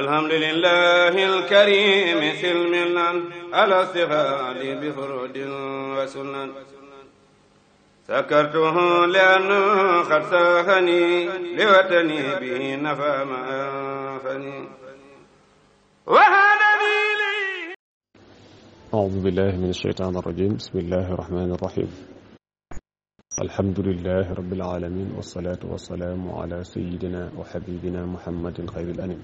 alhamdulillahi alkarimi silmilan alastifaad bifurud wa sunan sakartuhu lianna qad saafani liwatani bihi nafa ma anfani أعوذ بالله من الشيطان الرجيم بسم الله الرحمن الرحيم الحمد لله رب العالمين والصلاة والسلام على سيدنا وحبيبنا محمد خير الأنام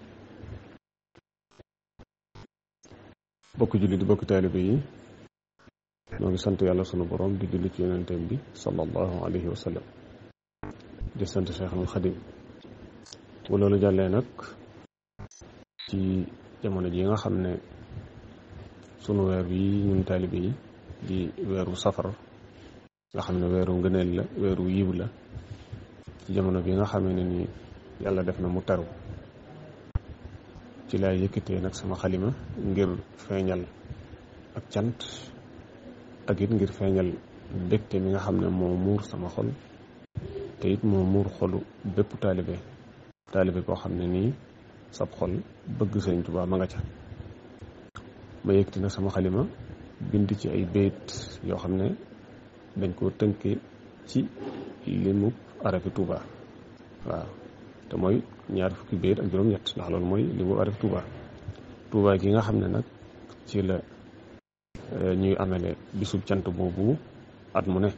bokk jullit di bokk taalibe yi ñoo ngi sant yàlla sunu borom di julli ci yonenteem bi sallallahu alayhi wa di sant Cheikhul Xadim bu loolu jàllee nag ci jamono ji nga xam ne sunu weer yi ñun taalibe yi di weeru safar nga xam ne weeru ngëneel la weeru yiw la ci jamono bi nga xam ne ni yàlla def na mu taru ci laay yëkkatee nag sama xalima ngir feeñal ak cant ak it ngir feeñal bégte mi nga xam ne moo muur sama xol te it moo muur xolu bépp taalibe taalibe koo xam ne nii sab xol bëgg sëñ Tuubaa ma nga ca ma yëkkati nag sama xalima bind ci ay béyit yoo xam ne dañ koo tënke ci limu arafi Tuubaa waaw te mooy ñaar fukki béyit ak juróom-ñett ndax loolu mooy li mu arif Touba Touba gi nga xam ne nag ci la euh, ñuy amele bisub cant boobu at mu ne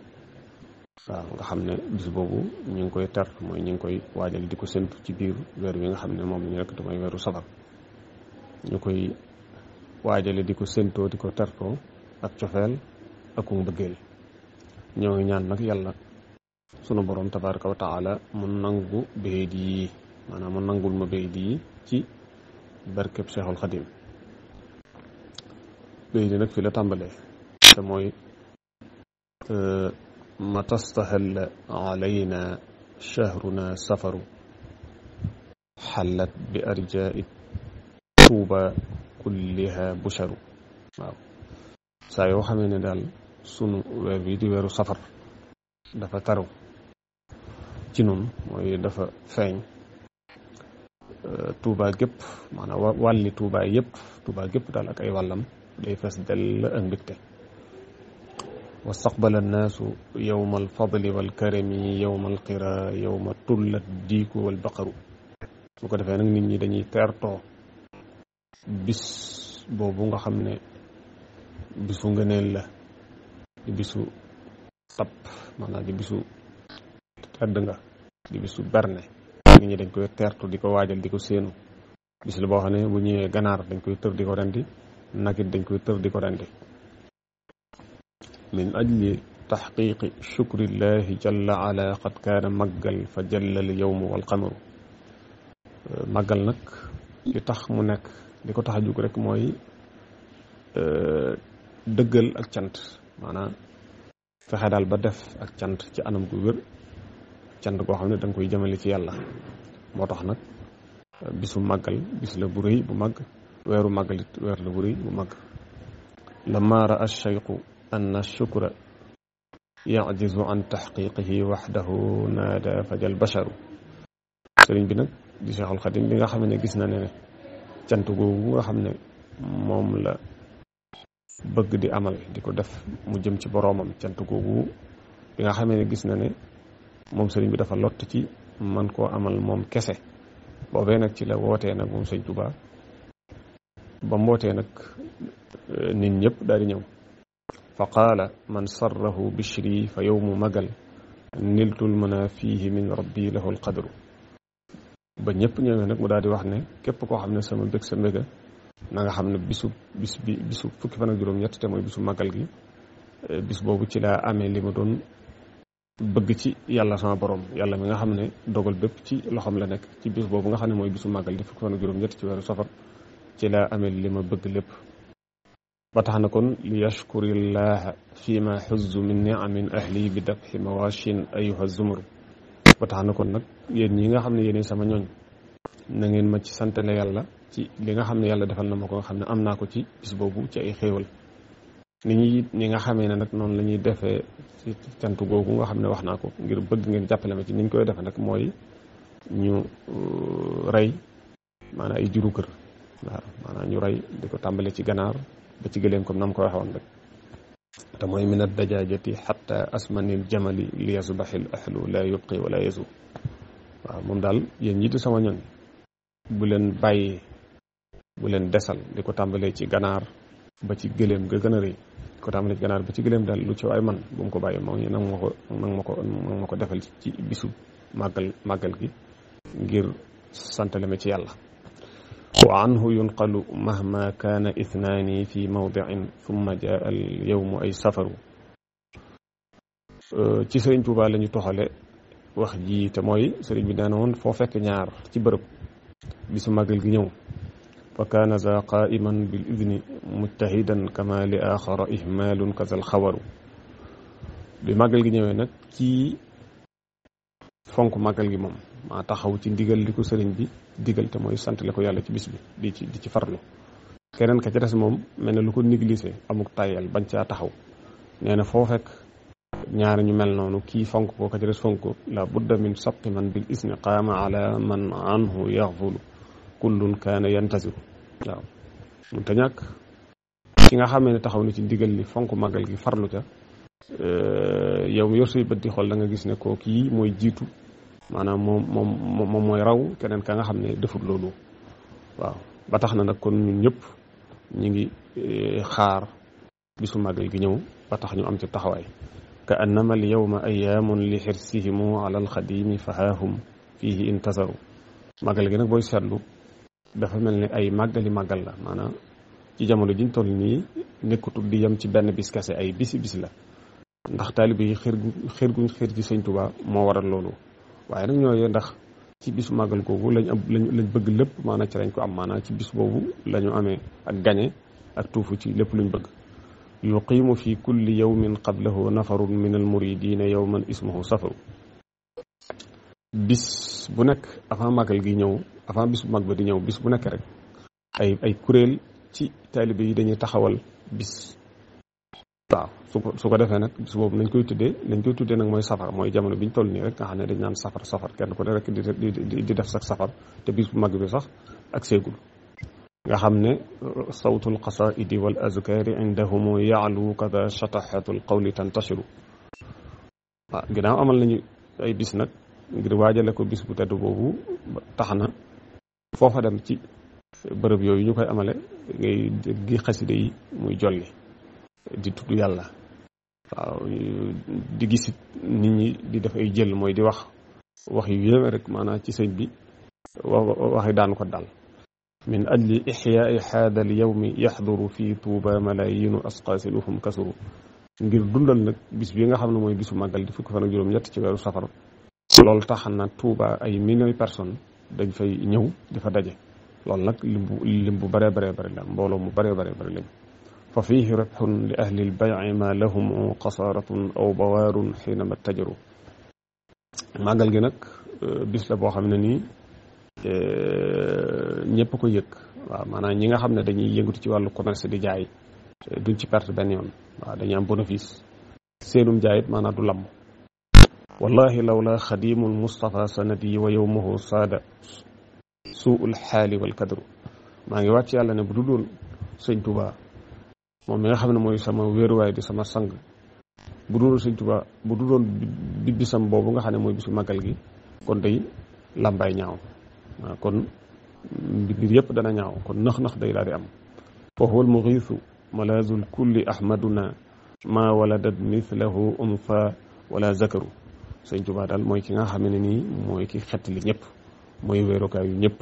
waaw nga xam ne bis boobu ñu ngi koy tar mooy ñu ngi koy waajal di ko séntu ci biir weer wi nga xam ne moom la ñu rekk te mooy weeru safar ñu koy waajale di ko séntoo di ko tar ko ak cofeel ak ku mbëggeel ñoo ngi ñaan nag yàlla sunu borom tabaraka wa taala mu nangu bayit yi maanaam mu nangul ma bayit yi ci barkeb Seexul Xadim bayit yi nag fi la tàmbalee mooy ma tastahal alayna shahruna safaru xallat bi arjai tuuba kulliha busharu waaw saa yoo sunu weeru safar dafa taru ci nun mooy dafa feeñ euh, Touba gépp maanaam wàlli Touba yëpp Touba gépp daal ak ay wàllam day fees dell ak mbégte wastaqbala annaasu yowma alfadli walkarami yowma alqira yowma tullat diiku walbaqaru su ko defee nag nit ñi dañuy teertoo bis boobu nga xam ne bisu ngëneel la bisu tapp maanaam di bisu tedd nga di bisu berne nit ñi dañ koy teertu di ko waajal di ko séenu bis la boo xam ne bu ñëwee ganaar dañ koy tër di ko rendi nakit dañ koy tër di ko rendi min ajli taxqiqi shukrillahi jalla ala qad kaana maggal fa jallal yowmu wal qamaru màggal nag li tax mu nekk li ko tax a jóg rek mooy euh, dëggal ak cant maanaam fexe daal ba def ak cant ci anam gu wér cant goo xam ne da koy jëmale ci yàlla moo tax nag bisu màggal bis la bu rëy bu mag weeru màggalit weer la bu rëy bu màgg lama ra a cheyqu anna shukra yajizu an taxqiqihi waxdahu naada fajal basharu sëriñ bi nag di Cheikhul Xadim bi nga xam ne gis na ne ne cant googu nga xam ne moom la bëgg di amal di ko def mu jëm ci boroomam cant googu bi nga xamee ne gis na ne moom sëriñ bi dafa lott ci man koo amal moom kese boobee nag ci la wootee nag moom sëñ Tuubaa ba mbootee nag eh, nit ñëpp daal di ñëw fa qaala man sarrahu bishri fa yowmu magal niltul mana fiihi min rabbi lahu alqadru ba ñëpp ñëwee nag mu daal di wax ne képp koo xam ne sama mbég sa mbéga na nga xam ne bisu bis bi bisu fukki fan ak juróom-ñett te mooy bisu màggal gi eh, bis boobu ci laa amee li ma doon bëgg ci yàlla sama borom yàlla mi nga xam ne dogal bépp ci loxoom la nekk ci bis boobu nga xam ne mooy bisu màggal di fukki fan ak juróom-ñett ci weeru safar ci laa amee li ma bëgg lépp ba na kon li yashkurillaha fi ma xuzzu min niamin ahlihi bi dabxi mawashin ayuha zumar ba na kon nag yéen ñi nga xam ne yéenay sama ñooñ na ngeen ma ci santale yàlla ci li nga xam ne yàlla defal na ma ko nga xam ne am naa ko ci bis boobu ci ay xéewal ni ñuy ni nga xamee ne nag noonu lañuy ñuy defee ci cant googu nga xam ne wax naa ko ngir bëgg ngeen jàppale ma ci ni koy defee nag mooy ñu euh, rey maanaam ay juru kër waaw ñu rey di ko tàmbale ci ganaar ba ci gëléem comme na ma ko waxee woon rek te mooy min ad dajaajati xatta asmanil jamali li yasbaxil ahlu la yubqi wala yasu waaw moom daal yéen ñi sama ñoñ bu leen bu leen desal li ko tàmbalee ci ganaar ba ci gëléem ga gën a li ko tàmbalee ci ganaar ba ci gëléem daal lu ci waay man bu mu ko bàyyi moo ñu nang ma ko nang ma ko defal ci bisu màggal màggal gi ngir santale ci yàlla wa anhu yunqalu mahma kaana ithnaani ay safaru ci sëriñ Tuuba la ñu toxale wax ji te mooy sëriñ bi nee woon foo fekk ñaar ci bërëb bisu màggal gi ñëw fa kaana za qaa'iman bil idni mujtahidan kama li axara ihmalun kasal xawaru bi màggal gi ñëwee nag ci fonk màggal gi moom maa taxaw ci ndigal li ko sëriñ bi digal te mooy sant la ko yàlla ci bis bi di ci di ci farlu keneen ka ca des moom mel na lu ko négligé amuk tayal bañ caa taxaw nee na foo ñaari ñu mel noonu kii fonk ko ka ca des fonk ko la budda min sabqi man bil isni qaama man anhu yaxfulu kullun kaana yantasiru waaw mun te ñàkk ki nga xamee ne taxaw na ci ndigal li fonk magal gi farlu ca euh, yow yor say bët di xool da gis ne koo kii mooy jiitu maanaam moom moom moom moom mooy raw keneen ka nga xam ne defut loolu waaw ba tax na nag kon ñun ñëpp ñu ngi euh, xaar bisu magal gi ñëw ba tax ñu am ci taxawaay ka annama al yawma ayaamun li xirsihimu ala alxadimi fahahum fiihi intasaru magal gi nag booy seetlu dafa mel ni ay màggali màggal la maanaam ci jamono jiñ toll nii nekkutul di yem ci benn bis kese ay bisi bis la ndax taalibe yi xër gu xër guñ xër ci sëñ tubaa moo waral loolu waaye nag ñooyee ndax ci bisu màggal googu lañ am lañ bëgg lépp maanaam ci lañ ko am maanaam ci bis boobu la ñu amee ak gañe ak tuufu ci lépp luñ bëgg yuqiimu fi kulli yawmin qablahu nafarun min almuridina yawman ismuhu safaru bis bu nekk avant màggal gi ñëw avant bis bu mag ba di ñëw bis bu nekk rek ay ay kuréel ci taalibe yi dañuy taxawal bis su ko su defee nag bis boobu nañ koy tuddee nañ koy tuddee nag mooy safar mooy jamono biñ toll nii rek nga xam ne dañ naan safar safar kenn ku ne rek di di def sax safar te bis bu mag bi sax ak seegul nga xam ne uh, sawtul qasaidi wal azkaari indahumu yaalu kada shatahatul qawli tantashiru waaw ginnaaw amal nañu ay bis nag ngir waajale ko bis bu tedd boobu tax na foofa dem ci bërëb yooyu ñu koy amale ngay dégg xaside yi muy jolli di tudd yàlla waaw di gisit nit ñi di def ay jël mooy di wax wax yu yéeme rek maanaam ci sëñ bi wax waxi daan ko dal min ajli ixyaai haada al yawmi yaxduru fi tuuba malayinu asqasiluhum kasuru ngir dundal nag bis bi nga xam ne mooy bisu màggal di fukki fa ak juróom ñett ci weeru safara loolu tax na Touba ay millions personnes dañ fay ñëw di fa daje loolu nag lim bu lim bu bëree bëree bëri la mbooloo mu bëree bëree bëri lañ fa fiihi rabxun li ahli lbayi ma lahum xasaaratun aw bawaarun xiinama tajaru màggal gi nag euh, bis la boo xam ne nii euh, ñëpp ko yëg waaw maanaam ñi nga xam ne dañuy yëngatu ci wàllu commerce di jaay euh, duñ ci perte benn yoon waaw dañuy am bénéfice seenum jaayit maanaam du lamm wallahi lawla xadimul mustafa sanadi wa yowmahu saada suul xaali wal kadru maa ngi wàcc yàlla ne bu dul woon sëñ moom mi nga xam ne mooy sama wéeruwaay di sama sang bu dul woon sëñ tubaa bu dul woon di bisam boobu nga xam ne mooy bisu màggal gi kon day làmbaay ñaaw kon mbir dana ñaaw kon nax-nax day daal di am fahuwal muxiisu malaazul kulli ahmaduna ma waladat mislahu unsa wala zakaru sëñ Tuubaa daal mooy ki nga xam ne nii mooy xet li ñëpp mooy wéerukaayu ñëpp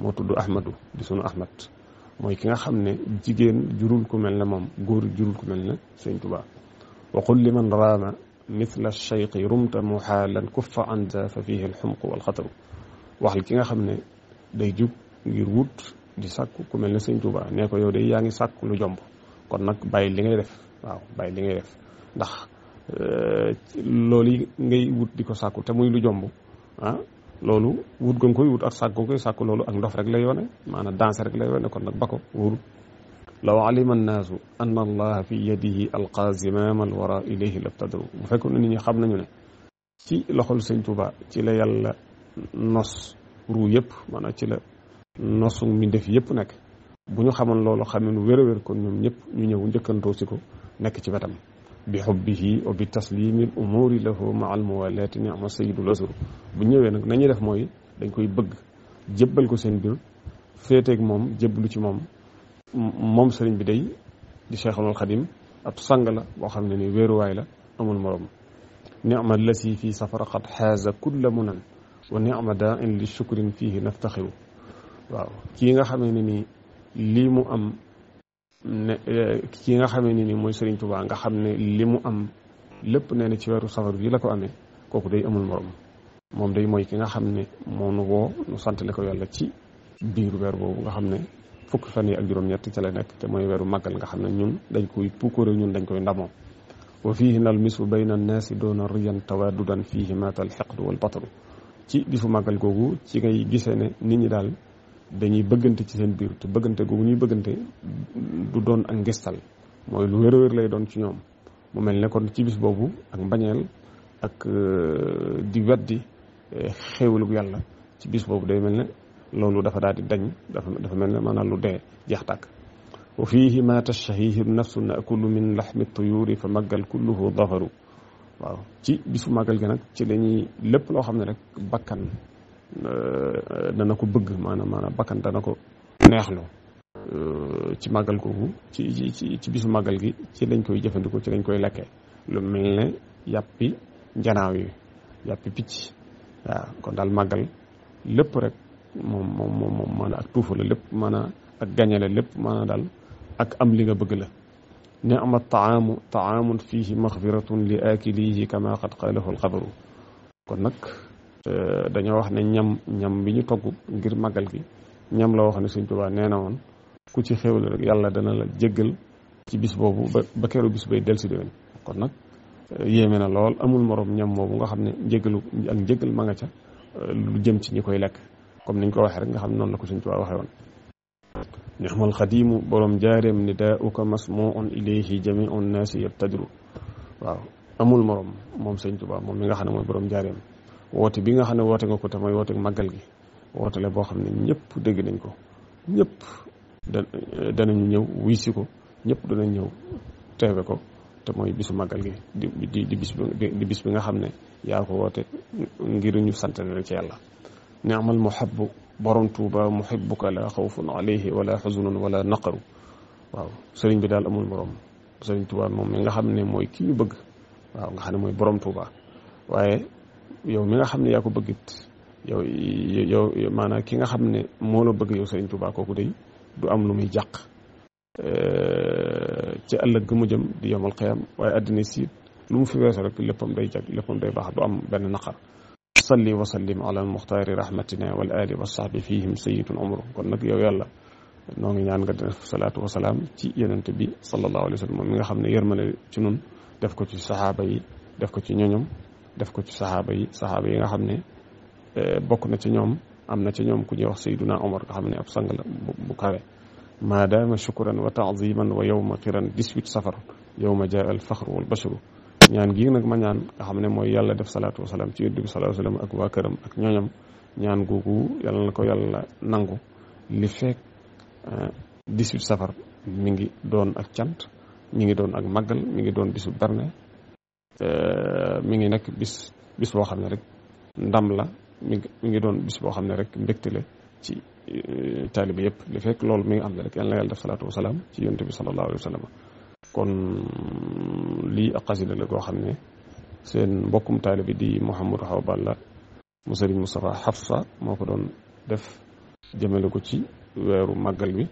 moo tudd Ahmadu di sunu Ahmad mooy ki nga xam ne jigéen jurul ku mel ne moom góor jurul ku mel ne sëñ Tuubaa wa qul liman raama mithla shayqi rumta muxaalan kuffa an za fa fihi alxumqu wax waxal ki nga xam ne day jug ngir wut di sàkku ku mel ne sëñ Tuubaa nee ko yow day yaa ngi sàkku lu jomb kon nag bàyyi li ngay def waaw bàyyi li ngay def Euh, loolu yi ngay wut di ko sàkku te muy lu jomb ah loolu wut gën koy wut ak sàkku koy sàkku loolu ak ndof rek lay wane maanaam danse rek lay wane kon nag ba ko wóorul law alima annaasu anna allaha fi yadihi alqaa zimaam alwara ilayhi labtadaw bu fekkoon ne nit ñi xam nañu ne ci loxol sëñ Tuubaa ci la yàlla nos ruu yëpp maanaam ci la nosu mbindéef yëpp nekk bu ñu xamoon loolu xam ne nu wér wér kon ñoom ñëpp ñu ñëw njëkkantoo si ko nekk ci wetam bi xubbihi wa bi taslimi l umuuri lahu ma al muwalaati nicma sayidul rasul bu ñëwee nag def mooy dañ koy bëgg jébbal ko seen biir féeteeg moom jébbalu ci moom moom sëriñ bi day di Cheikhul Xadim ab sang la boo xam ne ni wéeruwaay la amul morom nicma lasi fii safara qad xaaza kulla munan wa nicma daa in li shukrin fiihi naftaxiru waaw nga xamee ne nii lii mu am ne eh, ki nga xamee ne ni mooy Serigne Touba nga xam ne li mu am lépp nee na ci weeru safar bi la ko amee kooku day amul morom moom day mooy ki nga xam ne moo nu woo nu santale ko yàlla ci biiru weer boobu nga xam ne fukki fan yi ak juróom-ñett ca la nekk te mooy weeru màggal nga xam ne ñun dañ koy pukkóore ñun dañ koy ndamoo wa fiihi al mislu bayna annaasi doona riyan tawadudan fiihi maata al xeqdu wal batru ci bisu màggal googu ci ngay gisee ne nit ñi daal dañuy bëggante ci seen biir te bëggante googu ñuy bëggante du doon ak ngistal mooy lu wér-wér lay doon ci ñoom mu mel ne kon ci bis boobu ak mbañeel ak euh, di weddi eh, xéewalu yàlla ci bis boobu day mel ne loolu dafa daal di dañ dafa mel ne maanaam lu dee jeex tàkk fii fiihi ma tashtahihi nafsu naakulu min laxmi tuyuuri fa maggal kulluhu dafaru waaw ci bisu màggal gi nag ci lañuy lépp loo xam ne rek bakkan dana ko bëgg maanaam maanaam bakkan dana ko neexloo euh, ci màggal kooku ci ci ci bisu màggal gi ci lañ koy jëfandikoo ci lañ koy lekkee lu mel ne yàppi njanaaw yi yàppi picc waaw kon daal màggal lépp rek moom moom moom ak tuufa lépp maanaam ak gañe lépp maanaam daal ak am li nga bëgg la ne am ama taamu taamun fiihi maxfiratun li aakilihi kama qad qaalahu alxabaru kon nag dañoo wax ne ñam ñam bi ñu togg ngir màggal gi ñam la wax ne Sëñ Tuubaa nee na woon ku ci xéwle rek yàlla dana la jéggal ci bis boobu ba ba keroog bis bay del si déwén kon nag eh, yéeme na lool amul moroom ñam moobu nga xam ne njéggalu ak njéggal ma nga ca eh, lu jëm ci ñi koy lekk comme niñ ko waxee rek nga xam ne noonu la ko Sëñ Tuubaa waxee woon nixmal xadiimu borom jaareem ni daa uka mas moo on ilayhi jami on naasi yabtadiru waaw amul moroom moom Sëñ nga xam ne mooy borom jaareem woote bi nga xam ne woote nga ko te mooy woote màggal gi woote la boo xam ne ñëpp dégg nañ ko ñëpp da danañu ñëw wuy ko ñëpp dana ñëw teewe ko te mooy bisu màggal gi di di di bis bi nga xam ne yaa ko woote ngir ñu santale la ci yàlla ni'mal muhabbu borom tuuba muhibbuka la xawfun alayhi wala xuzunun wala naqaru waaw sëriñ bi daal amul borom sëriñ tuuba moom mi nga xam ne mooy ki ñu bëgg waaw nga xam ne mooy borom tuuba waaye yow mi nga xam ne yaa ko bëggit yow yow maanaam ki nga xam ne moo la bëgg yow Sëriñ Tuubaa kooku day du am lu muy jàq euh, ci ëllëg gu mu jëm di yomal xiyam waaye àddina siit lu mu fi weesu rek léppam day jag léppam day baax du am benn naqar salli wa sallim ala muxtaari rahmatina wal ali wa sahbi fihim sayidun umru kon nag yow yàlla noo ngi ñaan nga def salaatu ci yonent bi sallallahu alayhi wa sallam mi nga xam ne yërmale ci nun def ko ci saxaaba yi def ko ci ñoñom def ko ci saxaaba yi saxaaba yi nga xam ne eh, bokk na ci ñoom am na ci ñoom ku ñuy wax sayduna omar nga xam ne ab sang la bu kawe maadaama shukran wa taaziman wa yowma xiran 18 safar yowma jaa al faxru wal bashru ñaan gi nag ma ñaan nga xam ne mooy yàlla def salaatu wasalaam ci yonent bi salaatu wasalaam ak waa këram ak ñooñam ñaan googu yàlla na ko yàlla nangu li fekk 18 eh, safar mi ngi doon ak cant mi ngi doon ak màggal mi ngi doon bisu berne mi ngi nag bis bis boo xam ne rek ndam la mi ngi ngi doon bis boo xam ne rek mbégte la ci eh, taalibe yëpp li fekk loolu mi ngi am na rek yal na yàlla def salaatu wasalaam ci yonent bi sallallahu alayhi wa sallam kon lii ak xasida la goo xam ne seen mbokkum taalibe di Mouhamadou Awa Balla mu Sëriñ Moustapha Hafsa moo ko doon def jëmale ko ci weeru màggal bi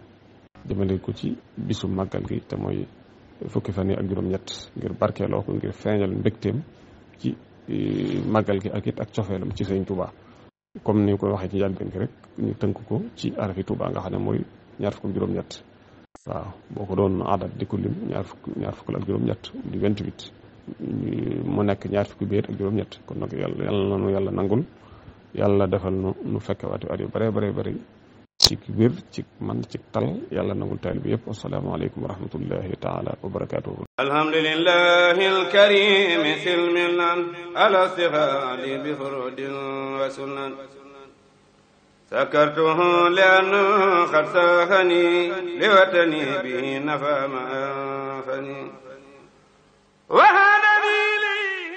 jëmale ko ci bisu màggal gi te mooy fukki fan yi ak juróom-ñett ngir barkeeloo ko ngir feeñal mbégteem ci e, màggal gi ak it ak cofeelam ci sëñ Touba. comme ni koy waxee ci njàlbeen gi rek ñu tënk ko ci arafi Touba nga xam mooy ñaar fukk ak juróom-ñett. boo ko doon aadaat di ko lim ñaar fukk ñaar fukk ak juróom-ñett di 28 mu nekk ñaar fukki biir ak juróom-ñett kon nag yàlla yàlla na nu nangul yàlla defal nu nu fekkewaati at yu bare bare bëri. ci wér ci man ci tal yàlla nangul taalibe yépp assalaamu aleykum wa rahmatullahi taala wa barakaatuhu alhamdulillahi alkarim silmilan ala sihadi bi furudin wa sunan sakartuhu li an qad sahani li watani bihi nafa ma anfani